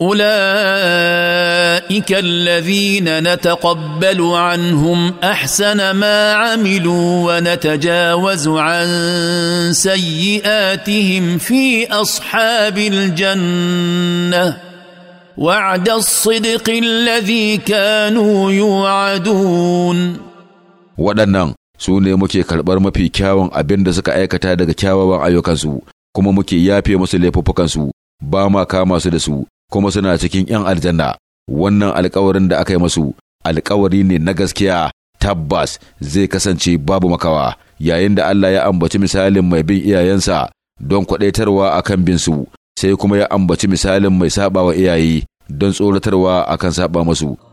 اولئك الذين نتقبل عنهم احسن ما عملوا ونتجاوز عن سيئاتهم في اصحاب الجنه وعد الصدق الذي كانوا يوعدون waɗannan su ne muke karɓar mafi kyawun abin da suka aikata daga kyawawan ayyukansu kuma muke yafe musu laifuffukansu ba ma kama su da su kuma suna cikin 'yan aljanna wannan alkawarin da aka yi masu alkawari ne na gaskiya tabbas zai kasance babu makawa yayin da Allah ya ambaci misalin mai bin iyayensa don kwadaitarwa a kan binsu sai kuma ya ambaci misalin mai saba wa iyaye don tsoratarwa a kan saba masu